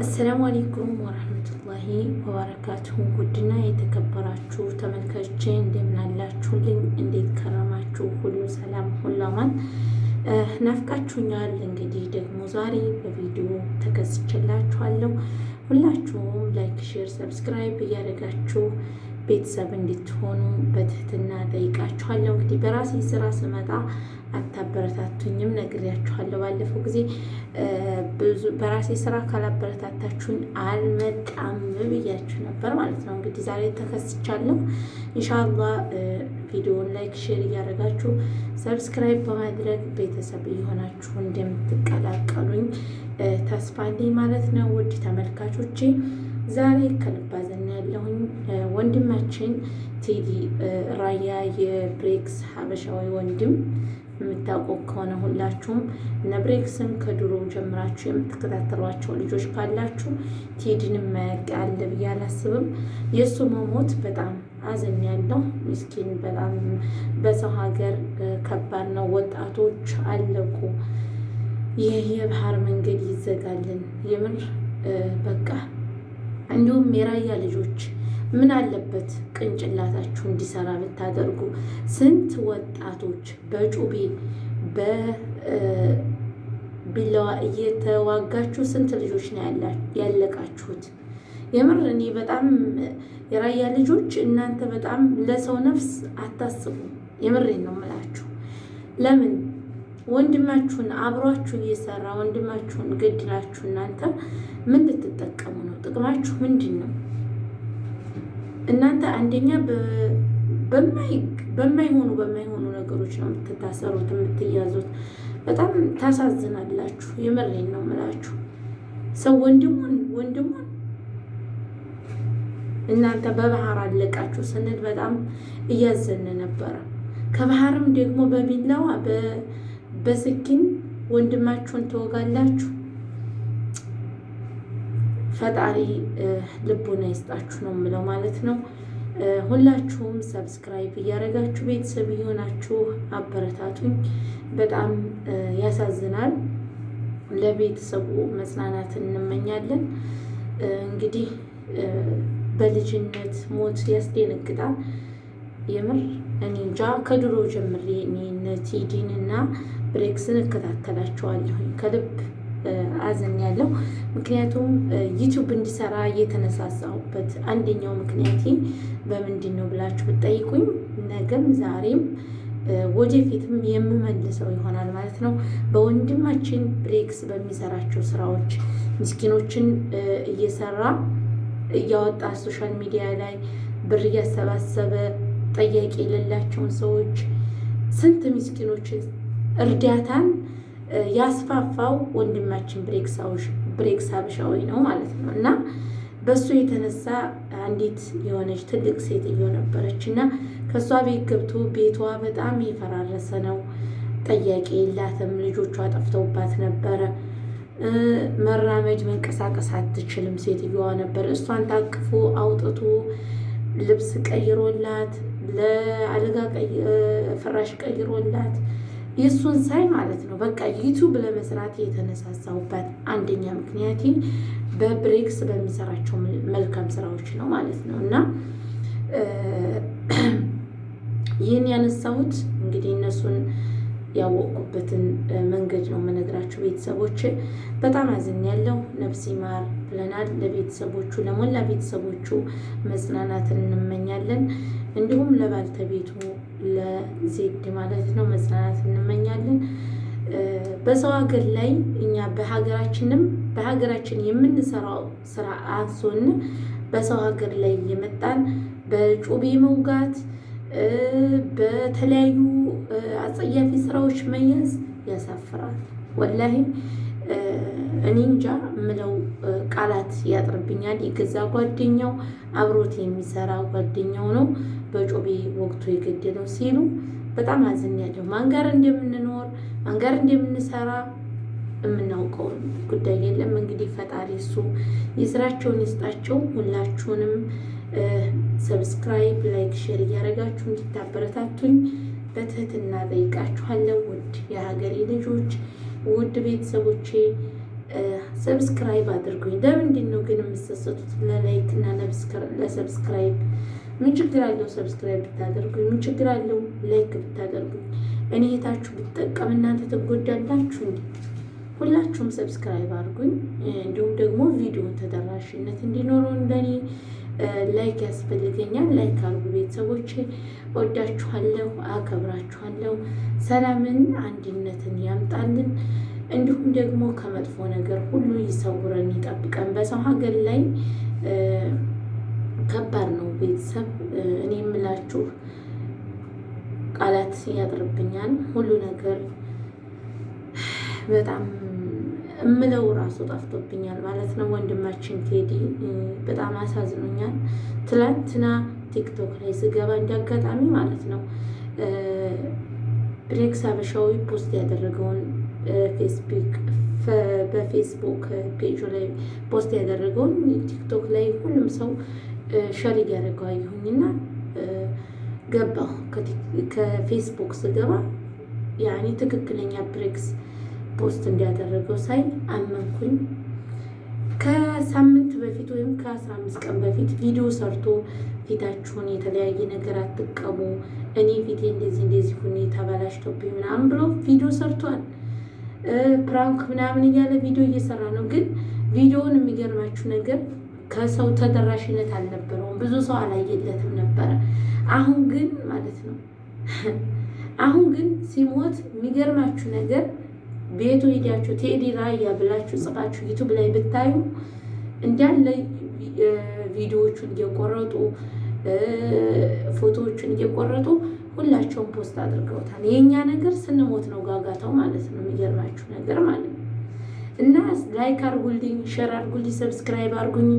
አሰላሙ አሌይኩም ወረህመቱላሂ ወበረካቱሁ። ውድና የተከበራችሁ ተመልካቾቼ እንደምን እንዴት ከረማችሁ? ሁሉ ሰላም፣ ሁሉ ናፍቃችሁኛል። እንግዲህ ደግሞ ዛሬ በቪዲዮ ተከስቼላችኋለሁ። ሁላችሁም ላይክ፣ ሼር፣ ሰብስክራይብ እያደረጋችሁ ቤተሰብ እንድትሆኑ በትህትና ጠይቃችኋለሁ። እንግዲህ በራሴ ስራ ስመጣ አታበረታቱኝም፣ ነግሬያችኋለሁ ባለፈው ጊዜ። ብዙ በራሴ ስራ ካላበረታታችሁኝ አልመጣም ብያችሁ ነበር ማለት ነው። እንግዲህ ዛሬ ተከስቻለሁ። እንሻላ ቪዲዮውን ላይክ፣ ሼር እያደረጋችሁ ሰብስክራይብ በማድረግ ቤተሰብ የሆናችሁ እንደምትቀላቀሉኝ ተስፋ አለኝ ማለት ነው። ውድ ተመልካቾቼ ዛሬ ከልባዘና ያለሁኝ ወንድማችን ቴዲ ራያ የብሬክስ ሀበሻዊ ወንድም የምታውቁ ከሆነ ሁላችሁም ነብሬክስን ከድሮ ጀምራችሁ የምትከታተሏቸው ልጆች ካላችሁ ቴዲንም ማያውቅ አለ ብዬ አላስብም። የእሱ መሞት በጣም አዘን ያለው ምስኪን በጣም በሰው ሀገር ከባድ ነው። ወጣቶች አለቁ። ይህ የባህር መንገድ ይዘጋልን። የምር በቃ እንዲሁም የራያ ልጆች ምን አለበት ቅንጭላታችሁ እንዲሰራ ብታደርጉ። ስንት ወጣቶች በጩቤ በቢላዋ እየተዋጋችሁ ስንት ልጆች ነው ያለቃችሁት? የምር እኔ በጣም የራያ ልጆች እናንተ በጣም ለሰው ነፍስ አታስቡ። የምሬን ነው የምላችሁ። ለምን ወንድማችሁን አብሯችሁ እየሰራ ወንድማችሁን ገድላችሁ እናንተ ምን ልትጠቀሙ ነው? ጥቅማችሁ ምንድን ነው? እናንተ አንደኛ በማይሆኑ በማይሆኑ ነገሮች ነው የምትታሰሩት የምትያዙት። በጣም ታሳዝናላችሁ። የምሬን ነው የምላችሁ። ሰው ወንድሙን ወንድሙን እናንተ በባህር አለቃችሁ ስንል በጣም እያዘነ ነበረ። ከባህርም ደግሞ በቢላዋ በስኪን ወንድማችሁን ትወጋላችሁ። ፈጣሪ ልቦና ይስጣችሁ ነው የምለው ማለት ነው። ሁላችሁም ሰብስክራይብ እያደረጋችሁ ቤተሰብ የሆናችሁ አበረታቱኝ። በጣም ያሳዝናል። ለቤተሰቡ መጽናናትን እንመኛለን። እንግዲህ በልጅነት ሞት ያስደነግጣል። የምር እኔ እንጃ ከድሮ ጀምሬ እኔ እነ ቴዲን እና ብሬክስን እከታተላቸዋለሁኝ ከልብ አዘን ያለው ምክንያቱም ዩቱብ እንዲሰራ የተነሳሳሁበት አንደኛው ምክንያቴ በምንድን ነው ብላችሁ ብጠይቁኝ ነገም ዛሬም ወደፊትም የምመልሰው ይሆናል ማለት ነው። በወንድማችን ብሬክስ በሚሰራቸው ስራዎች ምስኪኖችን እየሰራ እያወጣ ሶሻል ሚዲያ ላይ ብር እያሰባሰበ ጠያቂ የሌላቸውን ሰዎች ስንት ምስኪኖችን እርዳታን ያስፋፋው ወንድማችን ብሬክስ ሀበሻዊ ነው ማለት ነው እና በእሱ የተነሳ አንዲት የሆነች ትልቅ ሴትዮ ነበረች እና ከእሷ ቤት ገብቶ ቤቷ በጣም የፈራረሰ ነው። ጠያቂ የላትም። ልጆቿ ጠፍተውባት ነበረ። መራመድ መንቀሳቀስ አትችልም ሴትዮዋ ነበር። እሷን ታቅፎ አውጥቶ ልብስ ቀይሮላት፣ ለአልጋ ፍራሽ ቀይሮላት የእሱን ሳይ ማለት ነው በቃ ዩቱብ ለመስራት የተነሳሳውበት አንደኛ ምክንያቴ በብሬክስ በሚሰራቸው መልካም ስራዎች ነው ማለት ነው እና ይህን ያነሳሁት እንግዲህ እነሱን ያወቅኩበትን መንገድ ነው የምነግራችሁ። ቤተሰቦች በጣም አዝን ያለው ነፍስ ይማር ብለናል። ለቤተሰቦቹ ለሞላ ቤተሰቦቹ መጽናናትን እንመኛለን። እንዲሁም ለባልተቤቱ ለዜድ ማለት ነው መጽናናት እንመኛለን። በሰው ሀገር ላይ እኛ በሀገራችንም በሀገራችን የምንሰራው ስራ አንሶን በሰው ሀገር ላይ የመጣን በጩቤ መውጋት፣ በተለያዩ አጸያፊ ስራዎች መያዝ ያሳፍራል። ወላሂ እኔ እንጃ ምለው ቃላት ያጥርብኛል። የገዛ ጓደኛው አብሮት የሚሰራ ጓደኛው ነው በጮቤ ወቅቱ የገደለው ሲሉ በጣም አዝኛለሁ። ማን ጋር እንደምንኖር ማን ጋር እንደምንሰራ የምናውቀው ጉዳይ የለም። እንግዲህ ፈጣሪ እሱ የስራቸውን ይስጣቸው። ሁላችሁንም ሰብስክራይብ፣ ላይክ፣ ሼር እያደረጋችሁ እንድታበረታቱኝ በትህትና ጠይቃችኋለሁ። ውድ የሀገሬ ልጆች፣ ውድ ቤተሰቦቼ ሰብስክራይብ አድርጉኝ። ለምንድን ነው ግን የምትሰሰቱት? ለላይክ እና ለሰብስክራይብ ምን ችግር አለው? ሰብስክራይብ ብታደርጉኝ ምን ችግር አለው? ላይክ ብታደርጉኝ እኔ የታችሁ ብትጠቀም እናንተ ትጎዳላችሁ። ሁላችሁም ሰብስክራይብ አድርጉኝ። እንዲሁም ደግሞ ቪዲዮን ተደራሽነት እንዲኖረው ለእኔ ላይክ ያስፈልገኛል። ላይክ አድርጉ ቤተሰቦቼ። ወዳችኋለሁ፣ አከብራችኋለሁ። ሰላምን አንድነትን ያምጣልን። እንዲሁም ደግሞ ከመጥፎ ነገር ሁሉ ይሰውረን ይጠብቀን። በሰው ሀገር ላይ ከባድ ነው ቤተሰብ። እኔ የምላችሁ ቃላት ያጥርብኛል ሁሉ ነገር በጣም እምለው ራሱ ጠፍቶብኛል ማለት ነው። ወንድማችን ቴዲ በጣም አሳዝኖኛል። ትላንትና ቲክቶክ ላይ ስገባ እንዲያጋጣሚ ማለት ነው ብሬክስ አበሻዊ ፖስት ያደረገውን በፌስቡክ ፔጅ ላይ ፖስት ያደረገውን ቲክቶክ ላይ ሁሉም ሰው ሸር እያደረገው አየሁኝና ገባሁ። ከፌስቡክ ስገባ ያኔ ትክክለኛ ብሬክስ ፖስት እንዲያደረገው ሳይ አመንኩኝ። ከሳምንት በፊት ወይም ከአስራ አምስት ቀን በፊት ቪዲዮ ሰርቶ ፊታችሁን የተለያየ ነገር አትቀቡ፣ እኔ ፊቴ እንደዚህ እንደዚህ ሁኔታ ተበላሽቶብኝ ምናምን ብሎ ቪዲዮ ሰርቷል። ፕራንክ ምናምን እያለ ቪዲዮ እየሰራ ነው። ግን ቪዲዮውን የሚገርማችሁ ነገር ከሰው ተደራሽነት አልነበረውም። ብዙ ሰው አላየለትም ነበረ። አሁን ግን ማለት ነው አሁን ግን ሲሞት የሚገርማችሁ ነገር ቤቱ ሄዳችሁ ቴዲ ራያ ብላችሁ ጽፋችሁ ዩቱብ ላይ ብታዩ እንዳለ ቪዲዮዎቹን እየቆረጡ ፎቶዎቹን እየቆረጡ ሁላቸውም ፖስት አድርገውታል። የእኛ ነገር ስንሞት ነው ጋጋታው ማለት ነው። የሚገርማችሁ ነገር ማለት ነው። እና ላይክ አርጉልኝ፣ ሸር አርጉልኝ፣ ሰብስክራይብ አርጉኝ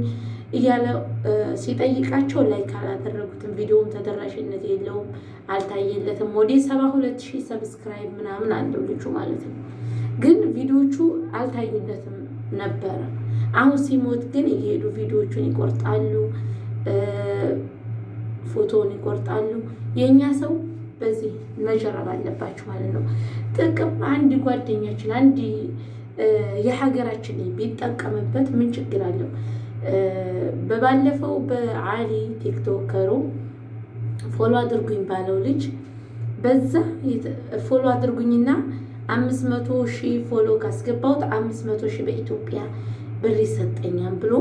እያለ ሲጠይቃቸው ላይክ አላደረጉትም። ቪዲዮም ተደራሽነት የለውም፣ አልታየለትም። ወደ ሰባ ሁለት ሺህ ሰብስክራይብ ምናምን አለው ልጁ ማለት ነው። ግን ቪዲዮቹ አልታዩለትም ነበረ። አሁን ሲሞት ግን እየሄዱ ቪዲዮቹን ይቆርጣሉ። ፎቶውን ይቆርጣሉ። የእኛ ሰው በዚህ መጀረብ አለባችሁ ማለት ነው። ጥቅም አንድ ጓደኛችን አንድ የሀገራችን ቢጠቀምበት ምን ችግር አለው? በባለፈው በአሊ ቲክቶከሩ ፎሎ አድርጉኝ ባለው ልጅ በዛ ፎሎ አድርጉኝና አምስት መቶ ሺህ ፎሎ ካስገባሁት አምስት መቶ ሺህ በኢትዮጵያ ብር ይሰጠኛል ብሎ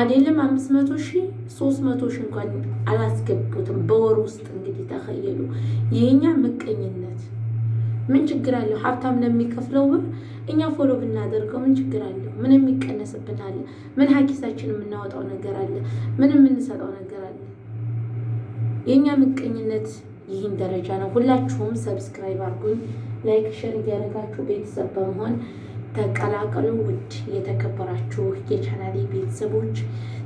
አይደለም አምስት መቶ ሺህ ሶስት መቶ ሺህ እንኳን አላስገቡትም በወር ውስጥ እንግዲህ ተኸየሉ። የእኛ ምቀኝነት ምን ችግር አለው? ሀብታም ለሚከፍለው ብር እኛ ፎሎ ብናደርገው ምን ችግር አለው? ምን የሚቀነስብን አለ? ምን ሀኪሳችን የምናወጣው ነገር አለ? ምን የምንሰጠው ነገር አለ? የእኛ ምቀኝነት ይህን ደረጃ ነው። ሁላችሁም ሰብስክራይብ አርጉኝ፣ ላይክ፣ ሸር እያደረጋችሁ ቤተሰብ በመሆን ተቀላቀሉ። ውድ የተከበራችሁ የቻናሌ ቤተሰቦች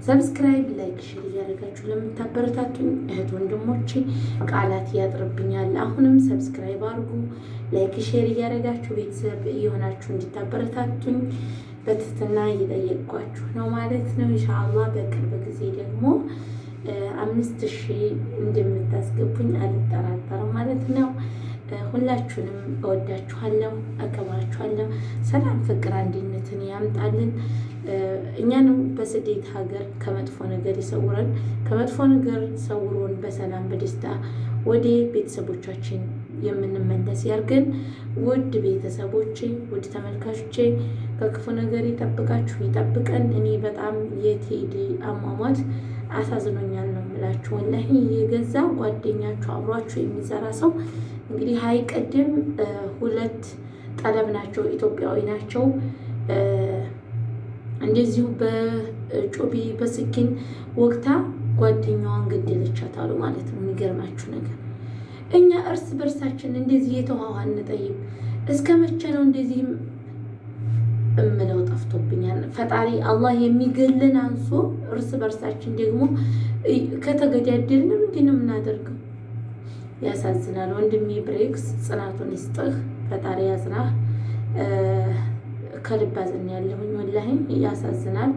ሰብስክራይብ፣ ላይክ፣ ሼር እያደረጋችሁ ለምታበረታቱኝ እህት ወንድሞቼ ቃላት ያጥርብኛል። አሁንም ሰብስክራይብ አድርጉ፣ ላይክ፣ ሼር እያደረጋችሁ ቤተሰብ የሆናችሁ እንድታበረታቱኝ በትህትና እየጠየቅኳችሁ ነው ማለት ነው። ኢንሻአላህ በቅርብ ጊዜ ደግሞ አምስት ሺህ እንደምታስገቡኝ አልጠራጠርም ማለት ነው። ሁላችሁንም እወዳችኋለሁ፣ አከብራችኋለሁ። ሰላም፣ ፍቅር፣ አንድነትን ያምጣልን። እኛንም በስደት ሀገር ከመጥፎ ነገር ይሰውረን። ከመጥፎ ነገር ሰውሮን በሰላም በደስታ ወደ ቤተሰቦቻችን የምንመለስ ያርገን። ውድ ቤተሰቦቼ፣ ውድ ተመልካቾቼ ከክፉ ነገር ይጠብቃችሁ፣ ይጠብቀን። እኔ በጣም የቴዲ አሟሟት አሳዝኖኛል ነው የምላችሁ። ወላሂ የገዛ ጓደኛችሁ አብሯችሁ የሚሰራ ሰው እንግዲህ ሀይ ቅድም ሁለት ጠለብ ናቸው፣ ኢትዮጵያዊ ናቸው። እንደዚሁ በጩቢ በስኪን ወቅታ ጓደኛዋን ገደለቻታሉ ማለት ነው። የሚገርማችሁ ነገር እኛ እርስ በርሳችን እንደዚህ የተዋዋን እንጠይቅ እስከ መቼ ነው እንደዚህም እምለው ጠፍቶብኛል። ፈጣሪ አላህ የሚገልን አንሶ እርስ በርሳችን ደግሞ ከተገዳደልን ምንድን ነው የምናደርገው? ያሳዝናል። ወንድሜ ብሬክስ ጽናቱን ይስጥህ፣ ፈጣሪ ያጽናህ። ከልብ አዝን ያለሁኝ ወላሂም ያሳዝናል።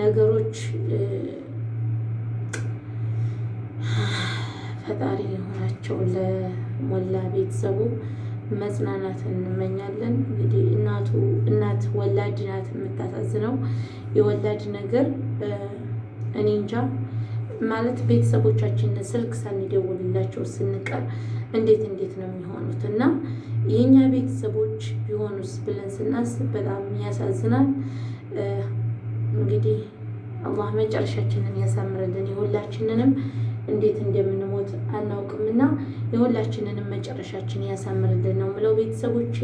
ነገሮች ፈጣሪ የሆናቸው ለሞላ ቤተሰቡ መጽናናት እንመኛለን። እንግዲህ እናቱ እናት ወላድ ናት የምታሳዝነው። የወላድ ነገር እኔ እንጃ ማለት ቤተሰቦቻችን ስልክ ሳንደውልላቸው ስንቀር እንዴት እንዴት ነው የሚሆኑት? እና የእኛ ቤተሰቦች ቢሆኑስ ብለን ስናስብ በጣም ያሳዝናል። እንግዲህ አላህ መጨረሻችንን ያሳምርልን የሁላችንንም እንዴት እንደምን አናውቅም አናውቅምና የሁላችንንም መጨረሻችን ያሳምርልን ነው ምለው። ቤተሰቦቼ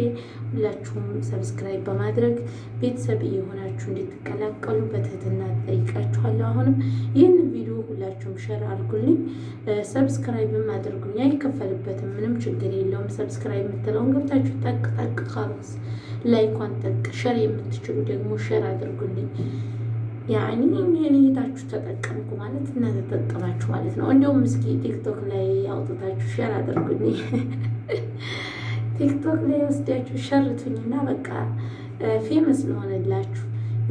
ሁላችሁም ሰብስክራይብ በማድረግ ቤተሰብ እየሆናችሁ እንድትቀላቀሉ በትህትና ጠይቃችኋለሁ። አሁንም ይህን ቪዲዮ ሁላችሁም ሸር አድርጉልኝ፣ ሰብስክራይብም አድርጉኝ። አይከፈልበትም፣ ምንም ችግር የለውም። ሰብስክራይብ የምትለውን ገብታችሁ ጠቅ ጠቅ ላይኳን ጠቅ ሸር የምትችሉ ደግሞ ሸር አድርጉልኝ። ያኔ ይህን እይታችሁ ተጠቀምኩ ማለት እና ተጠቀማችሁ ማለት ነው። እንዲሁም እስኪ ቲክቶክ ላይ አውጥታችሁ ሸር አድርጉኝ። ቲክቶክ ላይ ወስዳችሁ ሸርቱኝና በቃ ፌመስ ለሆነላችሁ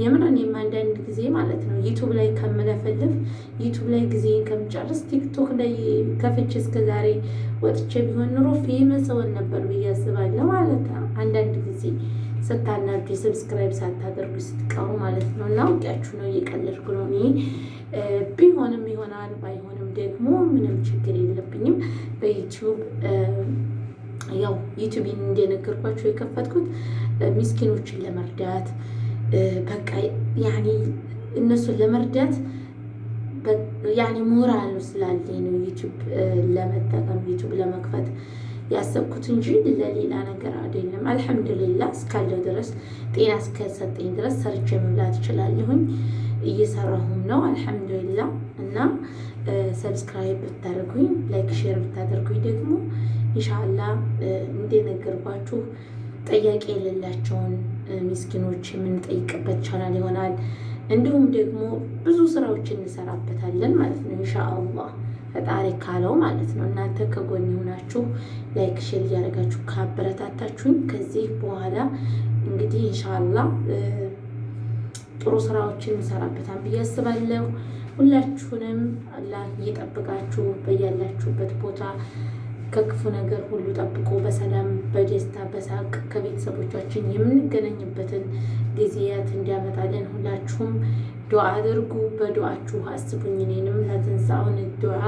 የምር እኔም አንዳንድ ጊዜ ማለት ነው ዩቱብ ላይ ከምለፈልፍ ዩቱብ ላይ ጊዜ ከምጨርስ ቲክቶክ ላይ ከፍቼ እስከዛሬ ወጥቼ ቢሆን ኑሮ ፌመስ እሆን ነበር ብዬ አስባለሁ ማለት ነው አንዳንድ ጊዜ ስታናጁ ሰብስክራይብ ሳታደርጉ ስትቀሩ ማለት ነው። እና ውቂያችሁ ነው እየቀለድኩ ነው እኔ። ቢሆንም ይሆናል ባይሆንም ደግሞ ምንም ችግር የለብኝም። በዩቲዩብ ያው ዩቲዩብን እንደነገርኳቸው የከፈትኩት ሚስኪኖችን ለመርዳት በቃ ያኒ እነሱን ለመርዳት ያኒ ሞራሉ ስላለኝ ነው ዩቲዩብ ለመጠቀም ዩቲዩብ ለመክፈት ያሰብኩት እንጂ ለሌላ ነገር አይደለም። አልሐምዱሊላ እስካለው ድረስ ጤና እስከሰጠኝ ድረስ ሰርቼ መብላት እችላለሁኝ። እየሰራሁም ነው አልሐምዱሊላ። እና ሰብስክራይብ ብታደርጉኝ፣ ላይክ ሼር ብታደርጉኝ ደግሞ ኢንሻላ እንደነገርኳችሁ ጥያቄ የሌላቸውን ምስኪኖች የምንጠይቅበት ቻናል ይሆናል። እንዲሁም ደግሞ ብዙ ስራዎች እንሰራበታለን ማለት ነው ኢንሻአላህ። ፈጣሪ ካለው ማለት ነው። እናንተ ከጎን የሆናችሁ ላይክ፣ ሼር እያደረጋችሁ ካበረታታችሁኝ ከዚህ በኋላ እንግዲህ እንሻላ ጥሩ ስራዎችን እንሰራበታል ብዬ አስባለሁ። ሁላችሁንም አላህ እየጠብቃችሁ በያላችሁበት ቦታ ከክፉ ነገር ሁሉ ጠብቆ በሰላም በደስታ በሳቅ ከቤተሰቦቻችን የምንገናኝበትን ጊዜያት እንዲያመጣለን። ሁላችሁም ዱዓ አድርጉ። በዱዓችሁ አስቡኝ እኔንም ለትንሳውን ዱዓ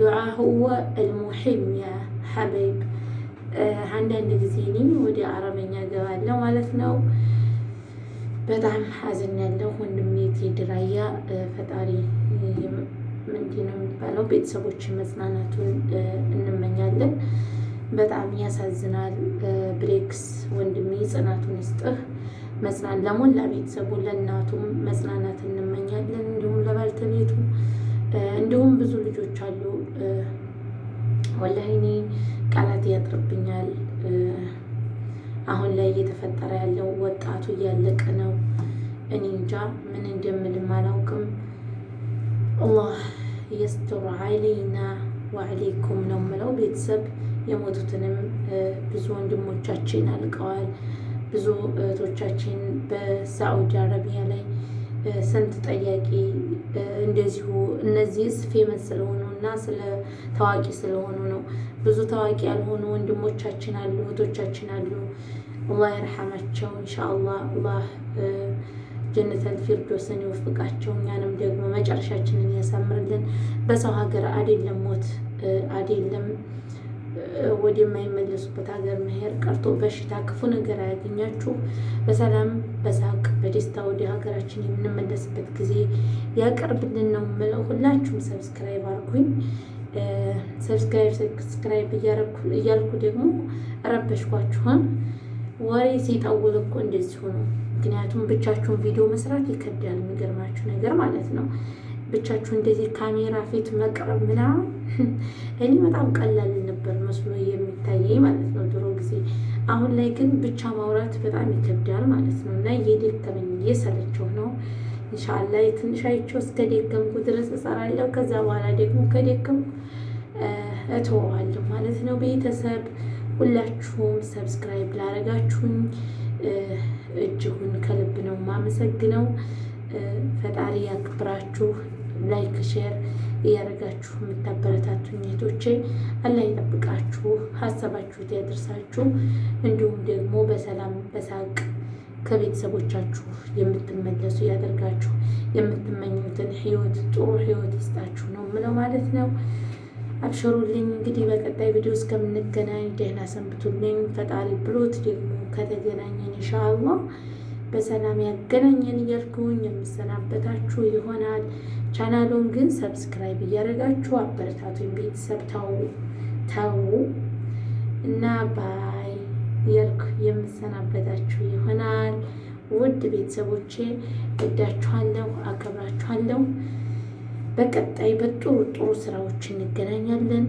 ዱዓ ህወ አልሙሒም ያ ሐበይብ። አንዳንድ ጊዜ እኔ ወደ አረበኛ ገባለሁ ማለት ነው። በጣም ሀዘን ያለው ወንድሜ ቴድራያ ፈጣሪ ምንድን ነው የሚባለው ቤተሰቦች መጽናናቱን እንመኛለን። በጣም ያሳዝናል። ብሬክስ ወንድሜ ጽናቱን ይስጥህ። መጽናን ለሞላ ቤተሰቡ ለእናቱም መጽናናት እንመኛለን። እንዲሁም ለባልተቤቱ እንዲሁም ብዙ ልጆች አሉ። ወላሂ እኔ ቃላት ያጥርብኛል። አሁን ላይ እየተፈጠረ ያለው ወጣቱ እያለቀ ነው። እኔ እንጃ ምን እንደምልም አላውቅም። አላህ የስቱር ዐለይና ወዐለይኩም ነው የምለው። ቤተሰብ የሞቱትንም ብዙ ወንድሞቻችን አልቀዋል። ብዙ እህቶቻችን በሳዑዲ አረቢያ ላይ ስንት ጠያቂ እንደዚሁ እነዚህ ስፍ ስለሆኑ እና ስለ ታዋቂ ስለሆኑ ነው። ብዙ ታዋቂ ያልሆኑ ወንድሞቻችን አሉ፣ እህቶቻችን አሉ። አላህ ይርሐማቸው። እንሻአላ አላህ ጀነተል ፊርዶስን ይወፍቃቸው። እኛንም ደግሞ መጨረሻችንን ያሳምርልን። በሰው ሀገር አይደለም ሞት አይደለም የማይመለሱበት ሀገር መሄድ ቀርቶ በሽታ፣ ክፉ ነገር አያገኛችሁ። በሰላም በሳቅ በደስታ ወደ ሀገራችን የምንመለስበት ጊዜ ያቀርብልን ነው የምለው። ሁላችሁም ሰብስክራይብ አርጉኝ ሰብስክራይብ ሰብስክራይብ እያልኩ ደግሞ ረበሽኳችሁን ወሬ ሲጠውል እኮ እንደዚሁ ነው። ምክንያቱም ብቻችሁን ቪዲዮ መስራት ይከብዳል። የሚገርማችሁ ነገር ማለት ነው ብቻችሁ እንደዚህ ካሜራ ፊት መቅረብ ምናምን እኔ በጣም ቀላል ነበር መስሎ የሚታየኝ ማለት ነው ድሮ ጊዜ። አሁን ላይ ግን ብቻ ማውራት በጣም ይከብዳል ማለት ነው እና እየደከመኝ እየሰለቸው ነው። እንሻላ የትንሽ አይቼው እስከ ድረስ እሰራለሁ። ከዛ በኋላ ደግሞ ከደከምኩ እተወዋለሁ ማለት ነው። ቤተሰብ ሁላችሁም ሰብስክራይብ ላረጋችሁኝ እጅጉን ከልብ ነው ማመሰግነው። ፈጣሪ ያክብራችሁ። ላይክ ሼር እያደረጋችሁ የምታበረታቱኝ ኘቶቼ አላህ ይጠብቃችሁ፣ ሀሳባችሁት ያደርሳችሁ። እንዲሁም ደግሞ በሰላም በሳቅ ከቤተሰቦቻችሁ የምትመለሱ እያደርጋችሁ የምትመኙትን ህይወት ጥሩ ህይወት ይስጣችሁ ነው ምለው ማለት ነው። አብሽሩልኝ እንግዲህ በቀጣይ ቪዲዮ እስከምንገናኝ ደህና ሰንብቱልኝ። ፈጣሪ ብሎት ደግሞ ከተገናኘን ኢንሻአላህ በሰላም ያገናኘን እያልኩኝ የምሰናበታችሁ ይሆናል። ቻናሉን ግን ሰብስክራይብ እያደረጋችሁ አበረታቱኝ። ቤተሰብ ተው ተው እና ባይ እያልኩ የምሰናበታችሁ ይሆናል። ውድ ቤተሰቦቼ እዳችኋለሁ፣ አከብራችኋለሁ። በቀጣይ በጥሩ ጥሩ ስራዎች እንገናኛለን።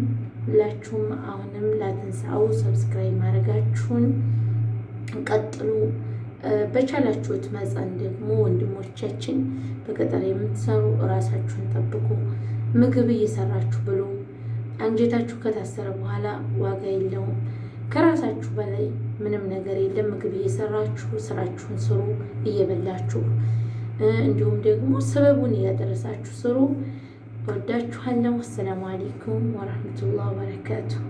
ሁላችሁም አሁንም ላትንሳው ሰብስክራይብ ማድረጋችሁን ቀጥሉ። በቻላችሁት መጠን ደግሞ ወንድሞቻችን በገጠር የምትሰሩ እራሳችሁን ጠብቁ። ምግብ እየሰራችሁ ብሎ አንጀታችሁ ከታሰረ በኋላ ዋጋ የለውም። ከራሳችሁ በላይ ምንም ነገር የለም። ምግብ እየሰራችሁ ስራችሁን ስሩ እየበላችሁ፣ እንዲሁም ደግሞ ሰበቡን እያደረሳችሁ ስሩ። ወዳችኋለሁ። አሰላሙ አሌይኩም ወረህመቱላህ ወበረካቱ